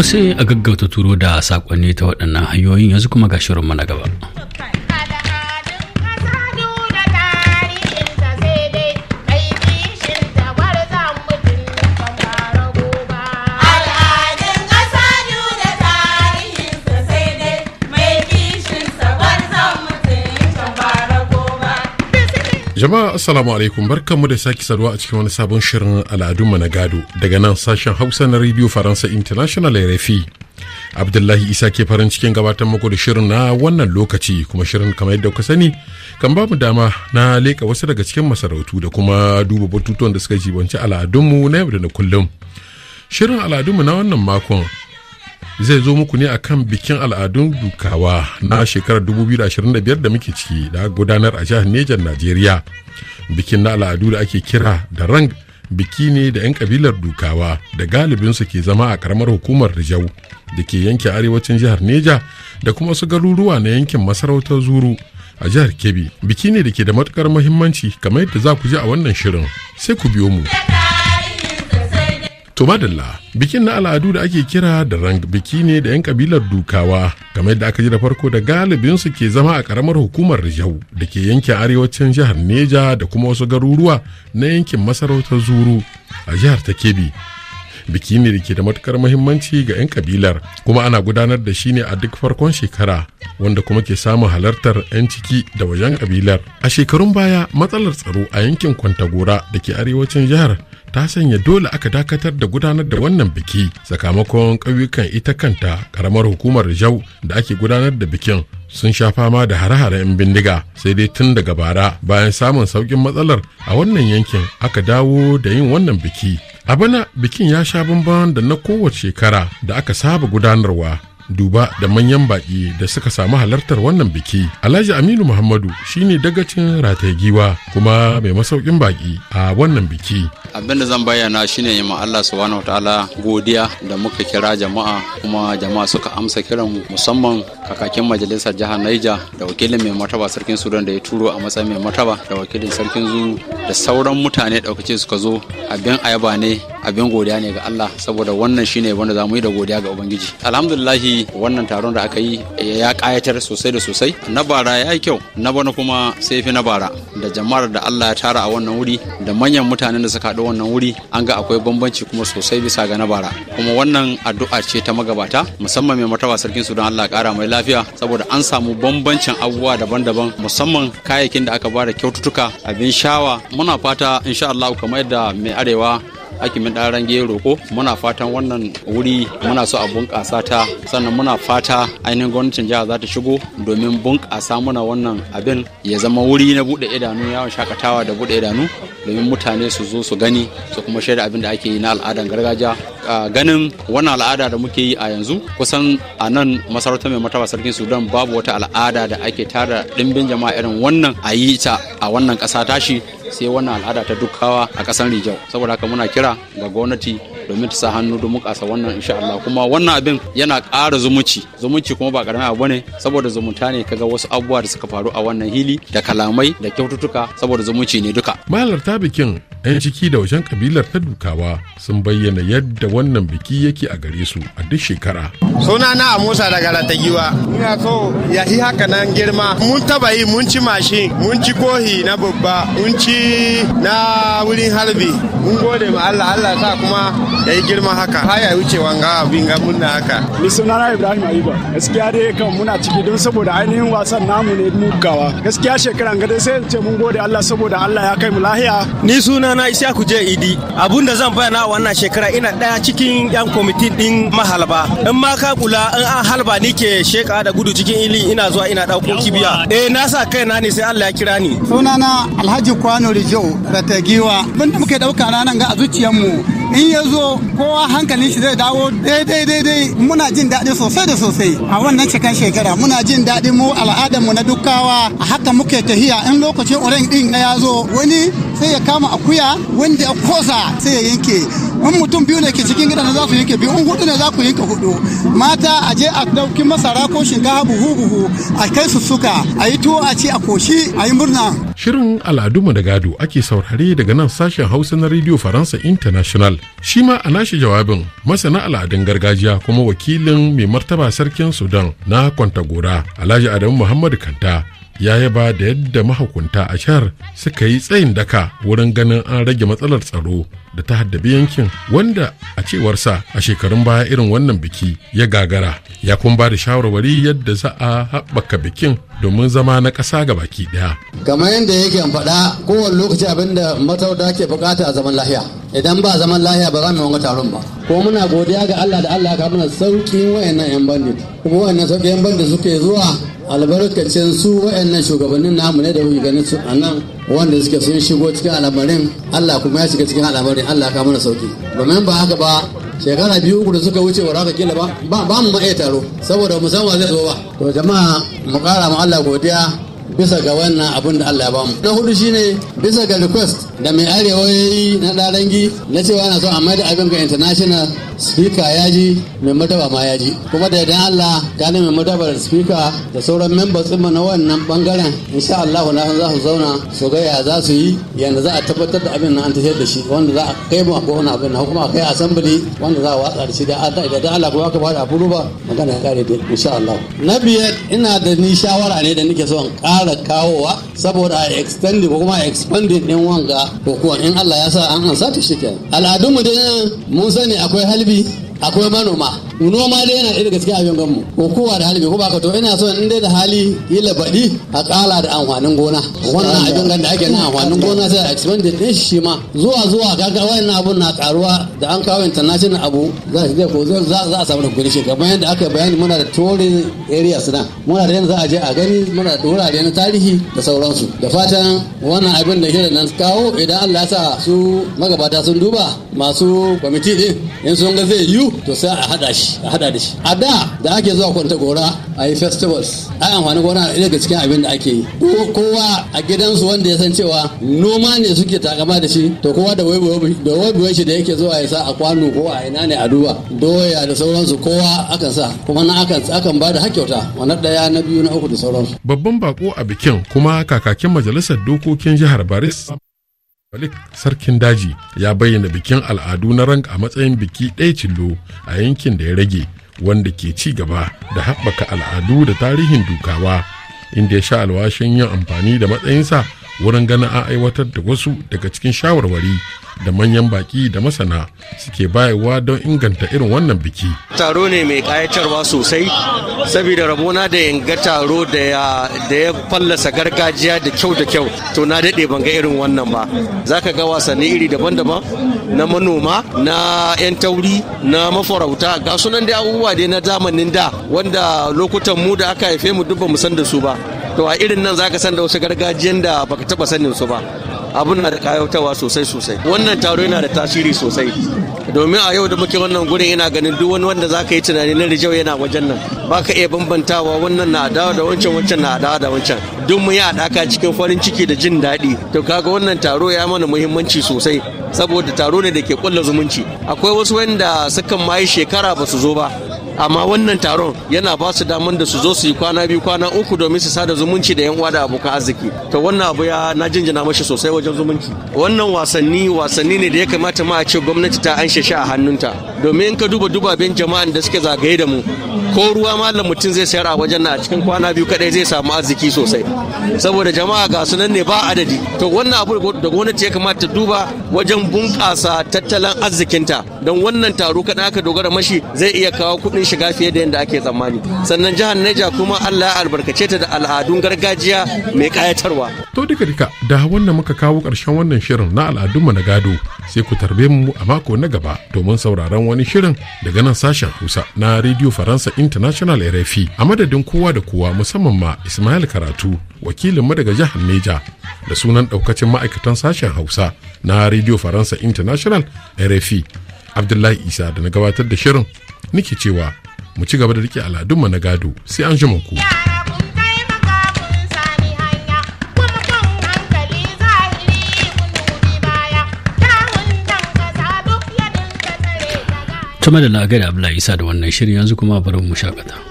to sai a gaggauta turo da sakonni ta waɗannan hanyoyin yanzu kuma ga shirinmu na gaba. Jama'a Assalamu alaikum mu da sake saduwa a cikin wani sabon shirin al'adun mu na gado daga nan sashen Hausa na Radio Faransa International RFI. Abdullahi Isa ke farin cikin gabatar muku da shirin na wannan lokaci kuma shirin kamar yadda kuka sani kan ba mu dama na leka wasu daga cikin masarautu da kuma duba batutuwan da suka jibanci al'adunmu na yau da na kullum. Shirin al'adunmu na wannan makon zai zo muku ne a kan bikin al'adun dukawa na shekarar 2025 da muke ciki da gudanar a jihar Nejan Najeriya. Bikin na al'adu da ake kira da rang biki ne da 'yan kabilar dukawa da galibin su ke zama a karamar hukumar Rijau da ke yanke arewacin jihar Neja da kuma su garuruwa na yankin masarautar Zuru a jihar Kebbi. Biki ne da ke da matukar muhimmanci kamar yadda za ku ji a wannan shirin. Sai ku biyo mu. To madalla bikin na al'adu da ake kira da rang biki ne da 'yan kabilar dukawa kamar yadda aka ji da farko da galibin su ke zama a karamar hukumar Rijau da ke yankin arewacin jihar Neja da kuma wasu garuruwa na yankin masarautar Zuru a jihar ta Kebbi biki ne da ke da matukar muhimmanci ga 'yan kabilar kuma ana gudanar da shi ne a duk farkon shekara wanda kuma ke samun halartar 'yan ciki da wajen kabilar a shekarun baya matsalar tsaro a yankin kwantagora da ke arewacin jihar ta sanya dole aka dakatar da gudanar da wannan biki sakamakon ƙauyukan ita kanta karamar hukumar jau da ake gudanar da bikin sun sha fama da hare-hare 'yan bindiga sai dai tun daga bara bayan samun sauƙin matsalar a wannan yankin aka dawo da yin wannan biki a bana bikin ya sha bamban da na kowace shekara da aka saba gudanarwa duba da manyan baƙi da suka samu halartar wannan biki alhaji aminu muhammadu shine dagacin rataye giwa kuma mai masaukin baƙi a wannan biki abin da zan bayyana shine yi Allah subhanahu wataala godiya da muka kira jama'a kuma jama'a suka amsa kiran musamman kakakin majalisar jihar Niger da wakilin mai martaba sarkin Sudan da ya turo a matsayin mai martaba da wakilin sarkin Zulu da sauran mutane daukace suka zo abin ayaba ne abin godiya ne ga Allah saboda wannan shine wanda zamu yi da godiya ga ubangiji alhamdulillah wannan taron da aka yi eh, ya kayatar sosai da sosai na bara ya kyau na bana kuma sai fi na bara da jama'ar da Allah ya tara a wannan wuri da manyan mutanen da suka da wannan wuri an ga akwai bambanci kuma sosai bisa ga na kuma wannan addu'a ce ta magabata musamman mai martaba sarkin su don Allah kara mai lafiya saboda an samu bambancin abubuwa daban-daban musamman kayayyakin da aka bada kyaututtuka abin shawa muna fata insha Allah kamar yadda mai arewa akimin ɗaran gero ko muna fatan wannan wuri muna so a bunƙasa ta sannan muna fata ainihin gwamnatin jiha za ta shigo domin bunƙasa muna wannan abin ya zama wuri na buɗe idanu yawon shakatawa da buɗe idanu domin mutane su zo su gani su kuma shaida abin da ake yi na al'adan gargajiya ganin wannan al'ada da muke yi a yanzu kusan a nan masarautar mai mataba sarkin sudan babu wata al'ada da ake tara ɗimbin jama'a irin wannan a yi ta a wannan ƙasa tashi sai wannan al'ada ta dukkawa a ƙasan rijau saboda haka muna kira ga gwamnati domin ta sa hannu don mukasa wannan insha Allah kuma wannan abin yana ƙara zumunci zumunci kuma ba ƙaramin abu ne saboda zumunta ne kaga wasu abubuwa da suka faru a wannan hili da kalamai da kyaututtuka saboda zumunci ne duka mahalarta bikin 'yan ciki da wajen kabilar ta dukawa sun bayyana yadda wannan biki yake a gare su a duk shekara sunana a musa daga ratagiwa ina so ya yi haka nan girma mun taba yi mun ci mashin mun ci kohi na babba mun ci na wurin harbi mun gode ma allah allah sa kuma ya yi girma haka haya wuce wanga abin ga muna haka ni na ibrahim ayuba gaskiya dai kan muna ciki don saboda ainihin wasan namu ne mugawa gaskiya shekaran gada sai ce mun gode allah saboda allah ya kai mu lahiya ni sunana ku je idi abun da zan bayyana wannan shekara ina daya cikin yan kwamitin din mahalba in ma ka kula in an halba ni ke sheka da gudu cikin ili ina zuwa ina dauko kibiya eh na sa kai na ne sai allah ya kira ni sunana alhaji kwano rijo batagiwa mun da muke dauka ranan ga a zuciyarmu in ya zo kowa hankalin shi zai dawo daidai daidai muna jin daɗi sosai da sosai a wannan cikin shekara muna jin daɗi mu al'adar mu na dukkawa a haka muke tahiya in lokacin oren din na ya zo wani sai ya kama akuya wanda ya kosa sai ya yanke in mutum biyu ne ke cikin gida na za su yanke biyu in hudu ne za ku yanke hudu mata a je a dauki masara ko shinkafa buhu buhu a kai su suka a yi tuwo a ci a koshi a yi murna shirin ma da gado ake saurare daga nan sashen hausa na radio faransa international shi ma a nashi jawabin masana al'adun gargajiya kuma wakilin mai martaba sarkin sudan na kwantagora alhaji adamu muhammadu kanta ya yaba da yadda mahukunta a shahar suka yi tsayin daka wurin ganin an rage matsalar tsaro da ta haddabi yankin wanda a cewarsa a shekarun baya irin wannan biki ya gagara ya kuma ba da shawarwari yadda za a haɓaka bikin domin zama na ƙasa ga baki ɗaya. kamar yadda yake faɗa kowane lokaci abinda da ke bukata a zaman lahiya idan ba zaman lahiya ba za mu wani taron ba ko muna godiya ga Allah da Allah ka mana sauƙin wayannan 'yan bandit kuma wayannan sauƙin 'yan bandit suke zuwa albarkacin su wayannan shugabannin namu ne da kuke ganin su a nan wanda suke sun shigo cikin al'amarin Allah kuma ya shiga cikin al'amarin Allah ka mana sauki domin ba haka ba shekara biyu uku da suka wuce wa raka kila ba ba mu ma taro saboda musamman zai zo ba to jama'a mu kara mu Allah godiya bisa ga wannan abun da Allah ya bamu na hudu shine bisa ga request da mai arewa yayi na darangi na cewa yana so a da abin ga international speaker ya ji mai madaba ma ya ji kuma da idan Allah gane mai madaba da speaker da sauran members ɗin na wannan bangaren insha Allah na za su zauna su ga ya za su yi yanda za a tabbatar da abin nan an tafiyar da shi wanda za a kai mu ko wani abin nan kuma a kai assembly wanda za a watsa da shi da Allah da Allah kuma aka ba da ba magana ya kare insha Allah na biyar ina da ni shawara ne da nake so in ƙara fara kawowa saboda a extend ko kuma expanding din wanga ko in Allah ya sa an ansa ta shi kenan mu dai mun sani akwai halbi akwai manoma noma dai yana ɗaya daga cikin abin ganmu ko kowa da hali ko baka to ina so in dai da hali yi labadi a ƙala da amfanin gona wannan abin gan da ake na amfanin gona sai a da din shi ma zuwa zuwa kaga wayannan abun na karuwa da an kawo international abu za shi ko za a samu da kudi shi kamar yadda aka bayani muna da tourism areas na muna da yadda za a je a gani muna da wurare na tarihi da sauransu da fatan wannan abin da ke nan kawo idan Allah ya sa su magabata sun duba masu kwamiti din in sun ga zai yiwu to sai a hada shi a hada da shi a da da ake zuwa kwanta gora a yi festivals a yi amfani gona ɗaya daga cikin abin da ake yi kowa a gidansu wanda ya san cewa noma ne suke takama da shi to kowa da waibuwai shi da yake zuwa ya sa a kwano ko a ina ne a duba doya da sauransu kowa akan sa kuma na akan akan ba da hakyauta wannan ɗaya na biyu na uku da sauransu babban bako a bikin kuma kakakin majalisar dokokin jihar baris Malik Sarkin Daji ya bayyana bikin al'adu na rank a matsayin biki ɗaya cillo a yankin da ya rage wanda ke ci gaba da haɓaka al'adu da tarihin dukawa inda ya sha alwashin yin amfani da matsayinsa wurin ganin an aiwatar da wasu daga cikin shawarwari da manyan baki da masana suke bayarwa don inganta irin wannan biki. Taro ne mai kayatarwa sosai, saboda rabona da yanga taro da ya fallasa gargajiya da kyau da kyau, to na daɗe ban ga irin wannan ba. Za ka ga wasanni iri daban-daban na manoma, na 'yan tauri, na mafarauta, ga sunan da abubuwa dai na zamanin da wanda lokutan mu da aka haife mu duk ba mu san da su ba. to a irin nan zaka san da wasu gargajiyan da baka taba sanin su ba abun na da kayautawa sosai sosai wannan taro yana da tasiri sosai domin a yau da muke wannan gurin yana ganin duk wani wanda zaka yi tunani na rijau yana wajen nan baka iya bambantawa wannan na adawa da wancan wancan na adawa da wancan duk mu yi haɗaka cikin farin ciki da jin daɗi to kaga wannan taro ya mana muhimmanci sosai saboda taro ne da ke kulla zumunci akwai wasu wanda sukan ma yi shekara ba su zo ba amma wannan taron yana ba su damar da su zo su yi kwana biyu kwana uku domin su sada zumunci da yan uwa da abokan arziki to wannan abu ya na jinjina mashi sosai wajen zumunci wannan wasanni wasanni ne da ya kamata ma a ce gwamnati ta an shi a hannunta domin ka duba dubaben jama'an da suke zagaye da mu ko ruwa malam mutum zai sayar a wajen na a cikin kwana biyu kadai zai samu arziki sosai saboda jama'a ga su ne ba adadi to wannan abu da gwamnati ya kamata duba wajen bunƙasa tattalin arzikinta don wannan taro kaɗan aka dogara mashi zai iya kawo kuɗin shiga fiye da yadda ake tsammani sannan jihar Neja kuma Allah ya albarkace ta da al'adun gargajiya mai kayatarwa. to duka duka da wannan muka kawo ƙarshen wannan shirin na al'adunmu na gado sai ku tarbe mu a mako na gaba domin sauraron wani shirin daga nan sashen Hausa na Radio Faransa International RFI a madadin kowa da kowa musamman ma Ismail Karatu wakilin mu daga jihar Neja da sunan daukacin ma'aikatan sashen Hausa na Radio Faransa International RFI Abdullahi Isa da na gabatar da shirin nike cewa mu ci gaba da rike aladunmu na gado sai an ku. Tuma da la'agai da Abdullahi Isa da wannan shirin yanzu kuma bari mu shakata.